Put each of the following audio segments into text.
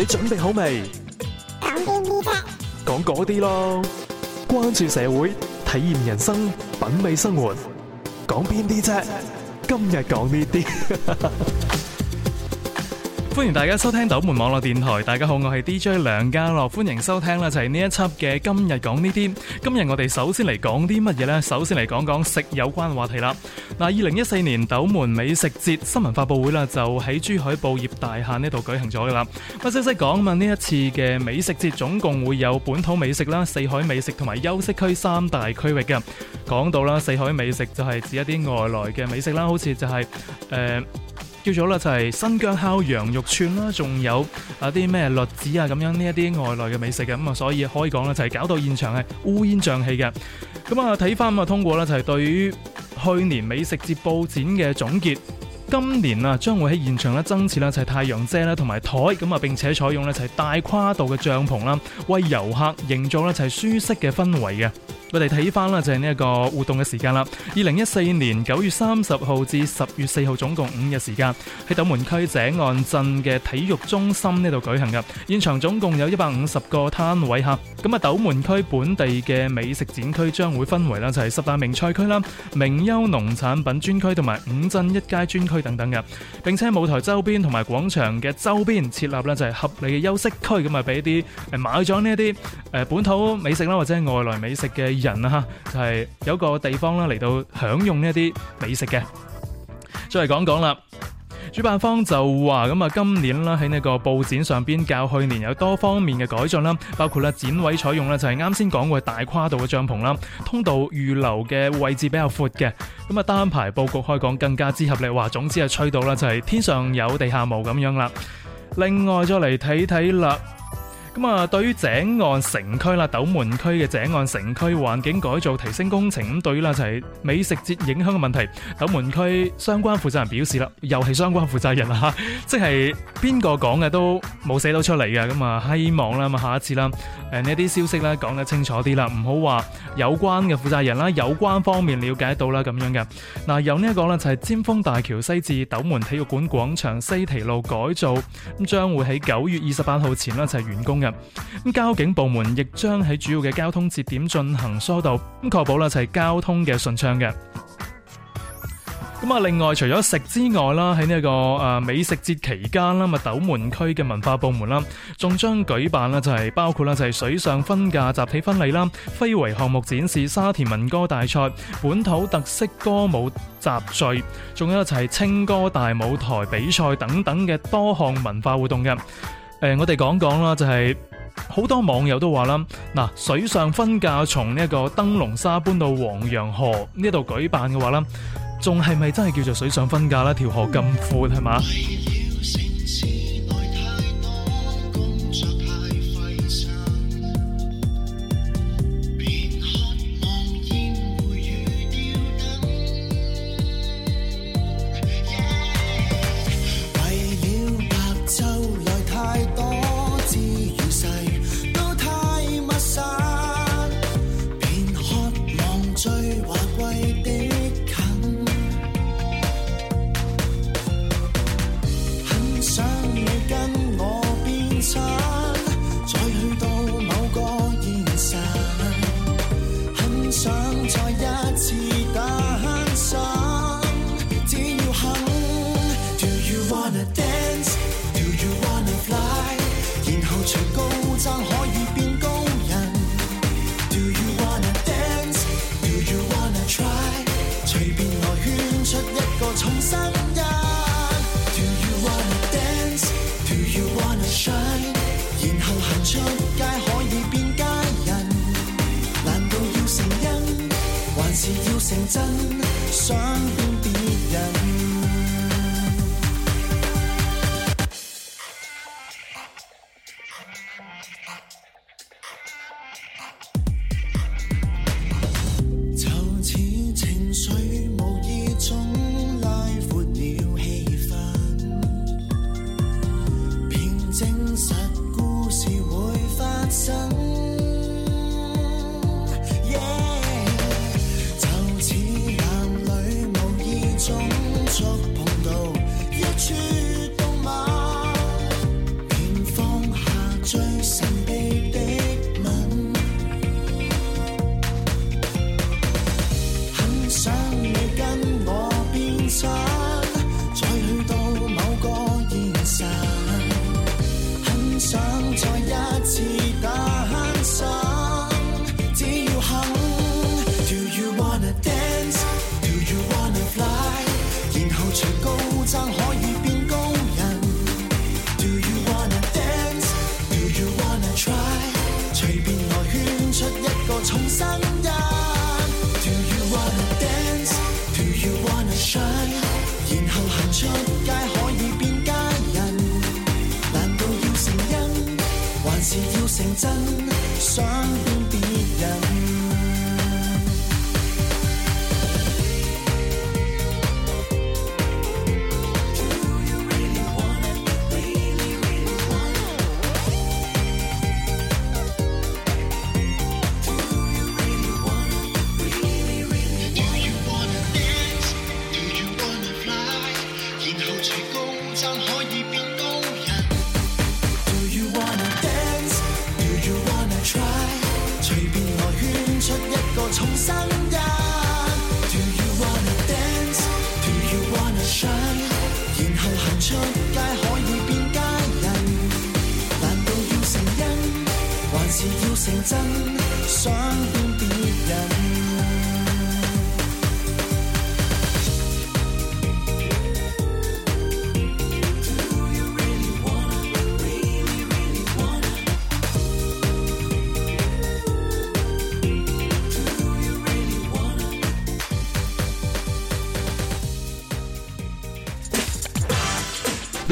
你準備好未？講邊啲啫？講嗰啲咯。關注社會，體驗人生，品味生活。講邊啲啫？今日講呢啲。歡迎大家收聽斗門網絡電台，大家好，我係 DJ 梁家樂，歡迎收聽啦，就係呢一輯嘅今日講呢啲。今日我哋首先嚟講啲乜嘢呢？首先嚟講講食有關嘅話題啦。嗱，二零一四年斗門美食節新聞發布會啦，就喺珠海報業大廈呢度舉行咗噶啦。我細細講啊，呢一次嘅美食節總共會有本土美食啦、四海美食同埋休息區三大區域嘅。講到啦，四海美食就係指一啲外來嘅美食啦，好似就係誒。叫做咧就係新疆烤羊肉串啦，仲有一些什麼啊，啲咩栗子啊咁樣，呢一啲外來嘅美食嘅咁啊，所以可以講咧就係搞到現場係烏煙瘴氣嘅。咁啊睇翻咁啊，通過咧就係對於去年美食節布展嘅總結，今年啊將會喺現場咧增設啦，就係太陽遮啦同埋台咁啊，並且採用咧就係大跨度嘅帳篷啦，為遊客營造咧就係舒適嘅氛圍嘅。我哋睇翻啦，就係呢一個活動嘅時間啦。二零一四年九月三十號至十月四號，總共五日時間，喺斗門區井岸鎮嘅體育中心呢度舉行噶。現場總共有一百五十個攤位哈。咁啊，斗門區本地嘅美食展區將會分為啦，就係十大名菜區啦、名優農產品專區同埋五鎮一街專區等等噶。並且舞台周邊同埋廣場嘅周邊設立啦，就係合理嘅休息區，咁啊俾一啲誒買咗呢一啲誒本土美食啦，或者係外來美食嘅。人啊，吓就係有個地方啦，嚟到享用呢一啲美食嘅。再嚟講講啦，主辦方就話咁啊，今年啦喺呢個布展上邊較去年有多方面嘅改進啦，包括啦展位採用啦就係啱先講過嘅大跨度嘅帳篷啦，通道預留嘅位置比較闊嘅，咁啊單排布局開講更加之合理。喎，總之係吹到啦，就係天上有地下無咁樣啦。另外再嚟睇睇啦。咁、嗯、啊，對於井岸城區啦，斗門區嘅井岸城區環境改造提升工程咁，對於啦，就係、是、美食節影響嘅問題。斗門區相關負責人表示啦，又係相關負責人啦，即係邊個講嘅都冇寫到出嚟嘅。咁啊，希望啦，咁下一次啦，誒呢啲消息咧講得清楚啲啦，唔好話有關嘅負責人啦，有關方面了解到啦咁樣嘅。嗱，有呢一個呢就係、是、尖峰大橋西至斗門體育館廣場西堤路改造，咁將會喺九月二十八號前啦，就係、是、完工。咁交警部門亦將喺主要嘅交通節點進行疏導，咁確保就係交通嘅順暢嘅。咁啊，另外除咗食之外啦，喺呢、一個誒、啊、美食節期間啦，斗、啊、門區嘅文化部門啦，仲將舉辦啦就係包括啦就係水上婚嫁集體婚禮啦、非遺項目展示、沙田民歌大賽、本土特色歌舞集聚，仲有就係青歌大舞台比賽等等嘅多項文化活動嘅。誒、呃，我哋講講啦，就係好多網友都話啦，嗱，水上婚嫁從呢一個燈籠沙搬到黃楊河呢度舉辦嘅話呢，仲係咪真係叫做水上婚嫁啦？條河咁闊係嘛？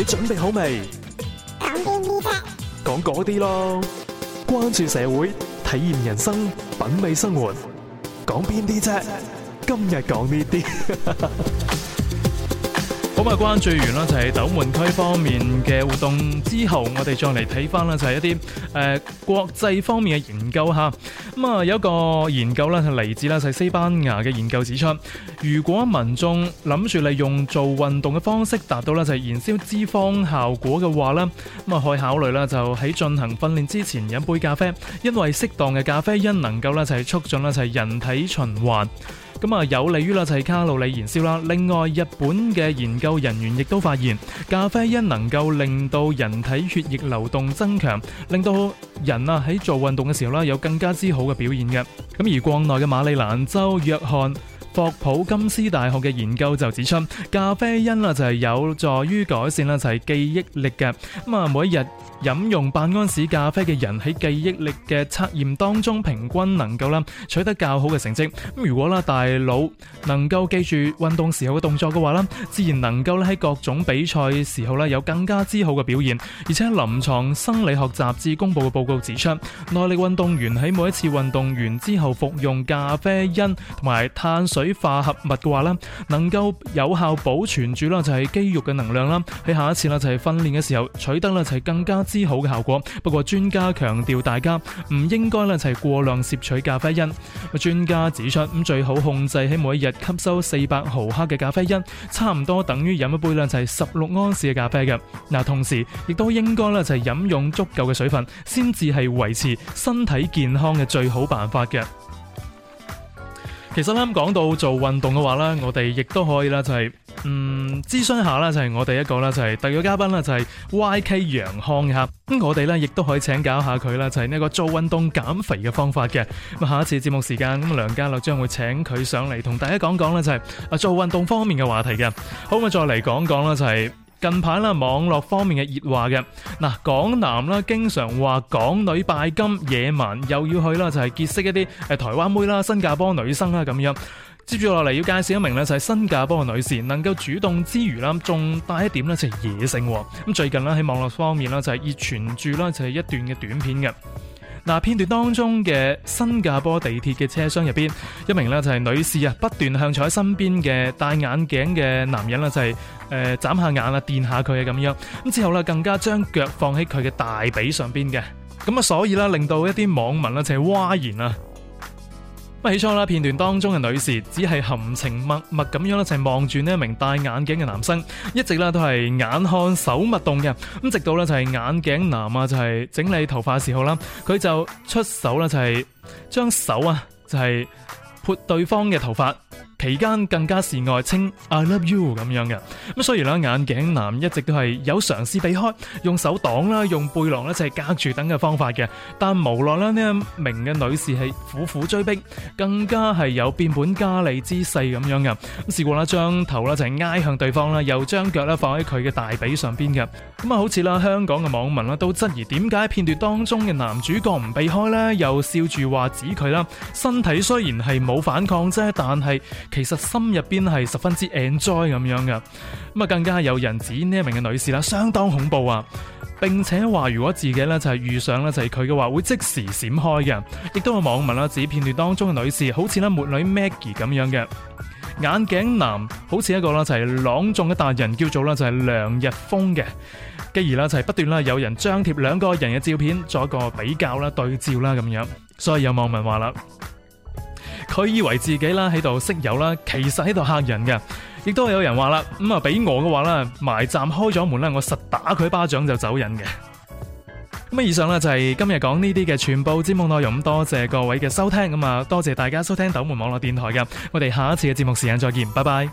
準備好未？講邊啲啫？講嗰啲咯。關注社會，體驗人生，品味生活。講邊啲啫？今日講呢啲。好啊，關注完啦，就係、是、斗門區方面嘅活動之後，我哋再嚟睇翻啦，就係、是、一啲誒、呃、國際方面嘅研究下咁啊、嗯，有一個研究咧係嚟自啦，就係西班牙嘅研究指出，如果民眾諗住利用做運動嘅方式達到咧就係、是、燃燒脂肪效果嘅話呢咁啊、嗯、可以考慮啦，就喺進行訓練之前飲杯咖啡，因為適當嘅咖啡因能夠咧就係、是、促進啦就係、是、人體循環。咁啊，有利於啦，就係卡路里燃燒啦。另外，日本嘅研究人員亦都發現咖啡因能夠令到人體血液流動增強，令到人啊喺做運動嘅時候啦，有更加之好嘅表現嘅。咁而國內嘅馬里蘭州約翰霍普金斯大學嘅研究就指出，咖啡因啦就係有助於改善啦就係記憶力嘅。咁啊，每一日。飲用半安士咖啡嘅人喺記憶力嘅測驗當中，平均能夠啦取得較好嘅成績。咁如果啦大腦能夠記住運動時候嘅動作嘅話啦，自然能夠咧喺各種比賽時候咧有更加之好嘅表現。而且臨床生理學雜誌公佈嘅報告指出，耐力運動員喺每一次運動完之後服用咖啡因同埋碳水化合物嘅話咧，能夠有效保存住啦就係肌肉嘅能量啦，喺下一次啦就係訓練嘅時候取得啦就係更加之好嘅效果，不過專家強調大家唔應該咧就係過量攝取咖啡因。專家指出咁，最好控制喺每一日吸收四百毫克嘅咖啡因，差唔多等於飲一杯咧就係十六安士嘅咖啡嘅。嗱，同時亦都應該咧就係飲用足夠嘅水分，先至係維持身體健康嘅最好辦法嘅。其實啱講到做運動嘅話呢，我哋亦都可以啦，就係、是。嗯，諮詢下啦，就係我哋一個啦，就係特邀嘉賓啦，就係 YK 楊康哈。咁我哋咧，亦都可以請教下佢啦，就係呢個做運動減肥嘅方法嘅。咁下一次節目時間，咁梁家樂將會請佢上嚟同大家講講啦，就係啊做運動方面嘅話題嘅。好啊，再嚟講講啦，就係近排啦，網絡方面嘅熱話嘅。嗱，港男啦，經常話港女拜金野蠻，又要去啦，就係結識一啲誒台灣妹啦、新加坡女生啦咁樣。接住落嚟要介紹一名咧就係新加坡嘅女士，能夠主動之餘啦，仲大一點咧就係野性。咁最近呢，喺網絡方面呢，就係熱傳住咧就係一段嘅短片嘅。嗱，片段當中嘅新加坡地鐵嘅車廂入邊，一名呢，就係女士啊，不斷向坐喺身邊嘅戴眼鏡嘅男人呢、就是，就係誒眨下眼啊，掂下佢啊咁樣。咁之後呢，更加將腳放喺佢嘅大髀上邊嘅。咁啊，所以呢，令到一啲網民呢，就係嘩然啊！起初啦，片段當中嘅女士只係含情脈脈咁樣咧，就望住呢一名戴眼鏡嘅男生，一直咧都係眼看手勿動嘅。咁直到咧就係眼鏡男啊，就係整理頭髮時候啦，佢就出手啦，就係將手啊，就係撥對方嘅頭髮。期間更加示愛稱 I love you 咁樣嘅，咁所以咧眼鏡男一直都係有嘗試避開，用手擋啦，用背囊咧就係隔住等嘅方法嘅，但無奈啦，呢一名嘅女士係苦苦追逼，更加係有變本加厲之勢咁樣嘅，試過啦，將頭咧就係挨向對方啦，又將腳咧放喺佢嘅大髀上邊嘅，咁啊好似啦香港嘅網民啦都質疑點解片段當中嘅男主角唔避開呢？又笑住話指佢啦，身體雖然係冇反抗啫，但係。其實心入邊係十分之 enjoy 咁樣嘅，咁啊更加有人指呢一名嘅女士啦，相當恐怖啊！並且話如果自己咧就係遇上咧就係佢嘅話，會即時閃開嘅。亦都有網民啦指片段當中嘅女士好似咧末女 Maggie 咁樣嘅，眼鏡男好似一個啦就係朗誦嘅達人叫做咧就係梁逸峰嘅。繼而啦就係不斷啦有人張貼兩個人嘅照片作一個比較啦對照啦咁樣，所以有網民話啦。佢以為自己啦喺度識友啦，其實喺度嚇人嘅。亦都有人話啦，咁啊俾我嘅話啦，埋站開咗門啦，我實打佢巴掌就走人嘅。咁以上啦就係今日講呢啲嘅全部節目內容。多謝各位嘅收聽。咁啊，多謝大家收聽斗門網絡電台嘅。我哋下一次嘅節目時間再見，拜拜。